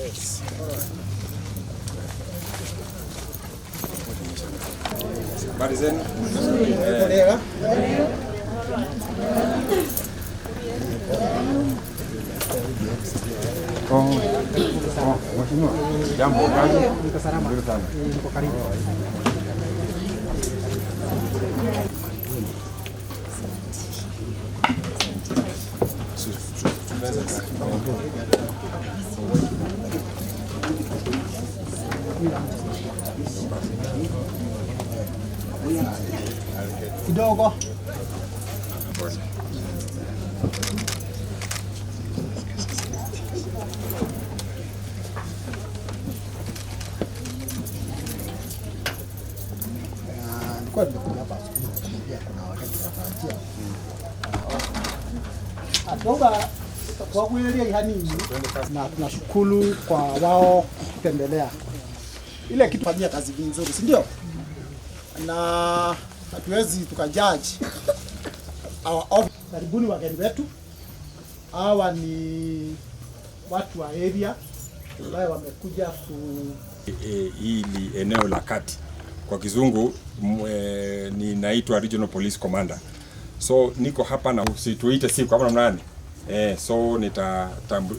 です Marizen. Colega. h i m i n o Ya, u bocado. Un bocado. Un bocado. Kidogo. Kwa ah, nimekuja hapa siku kuna wakati natarajia Atoba kwa na tunashukuru kwa wao kutembelea ile kitu fanyia kazi nzuri, si ndio? Na hatuwezi tukajaji karibuni. Wageni wetu hawa ni watu wa area ambayo wamekuja ku e, hii ni eneo la kati kwa kizungu e, ninaitwa Regional Police Commander, so niko hapa na situite siku kama namna gani Eh, so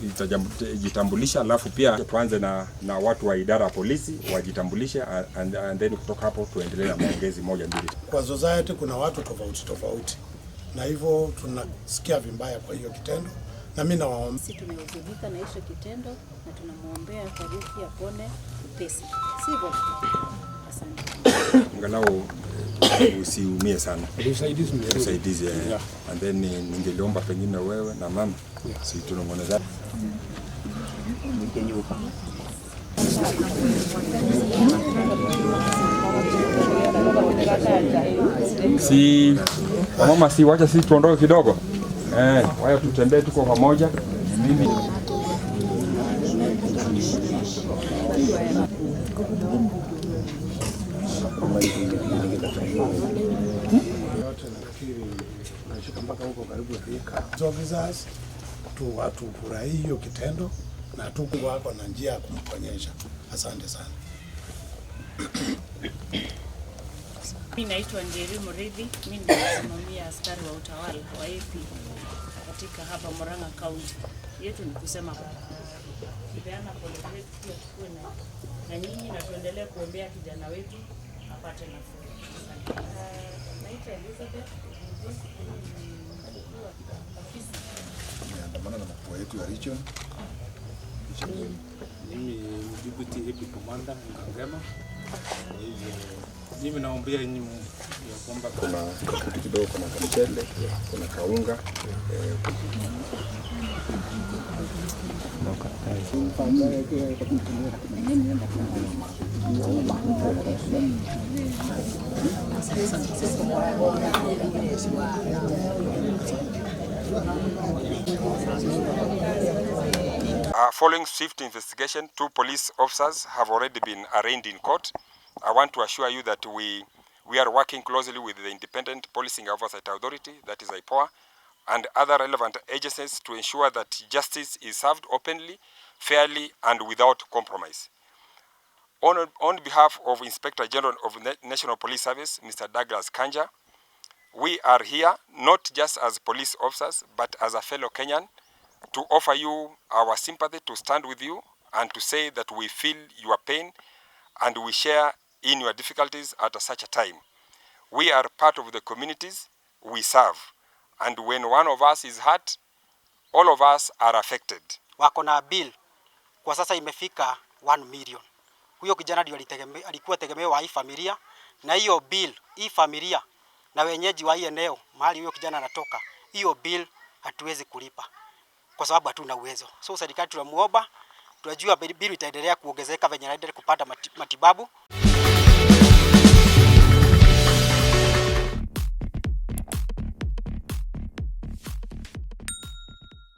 nitajitambulisha alafu pia tuanze na, na watu wa idara ya polisi wajitambulishe and, and then kutoka hapo tuendelee na maongezi moja mbili. Kwa society kuna watu tofauti tofauti, na hivyo tunasikia vibaya kwa hiyo kitendo, na mimi nawaomba sisi tumehuzunishwa na hicho kitendo na tunamwombea Faruki apone pesa. Sivyo? Asante angalau eh, usiumie sana usaidizi, usaidizi eh. yeah. And then ningeliomba pengine wewe na mama yeah. si tunangoneza si mama, si wacha sisi tuondoke kidogo eh, waya tutembee, tuko pamoja mimi yote nafikiri nashika mpaka huko karibu dhika vizazi tu watu hiyo kitendo na tuku wako na njia ya kumponyesha. Asante sana. Mimi naitwa Njeri Muridhi, mimi nasimamia askari wa utawala wa AP katika hapa Murang'a County. Yetu ni kusema kupeana pole zetu, pia tukuwe na nyinyi na tuendelee kuombea kijana wetu apate nafuu. Naitwa Elizabeth, nimeandamana na mkuu wetu wa region. Mimi Mjibuti hivi komanda Ngangema. Kwa hivyo mimi naombea nyinyi ya kwamba kuna kitu kidogo, kuna kamchele, kuna kaunga eh, Uh, following swift investigation, two police officers have already been arraigned in court. I want to assure you that we, we are working closely with the Independent Policing Oversight Authority, that is IPOA, and other relevant agencies to ensure that justice is served openly fairly and without compromise. On, on behalf of Inspector General of National Police Service, Mr. Douglas Kanja, we are here not just as police officers but as a fellow Kenyan to offer you our sympathy, to stand with you and to say that we feel your pain and we share in your difficulties at such a time. We are part of the communities we serve, and when one of us is hurt, all of us are affected. Wako na bill kwa sasa imefika 1 million. Huyo kijana ndio alikuwa tegemeo wa hii familia, na hiyo bill hii familia na wenyeji wa hii eneo mahali huyo kijana anatoka, hiyo bill hatuwezi kulipa kwa sababu hatuna uwezo. So serikali tunamuomba, tunajua bill itaendelea kuongezeka venye anaendelea kupata matibabu.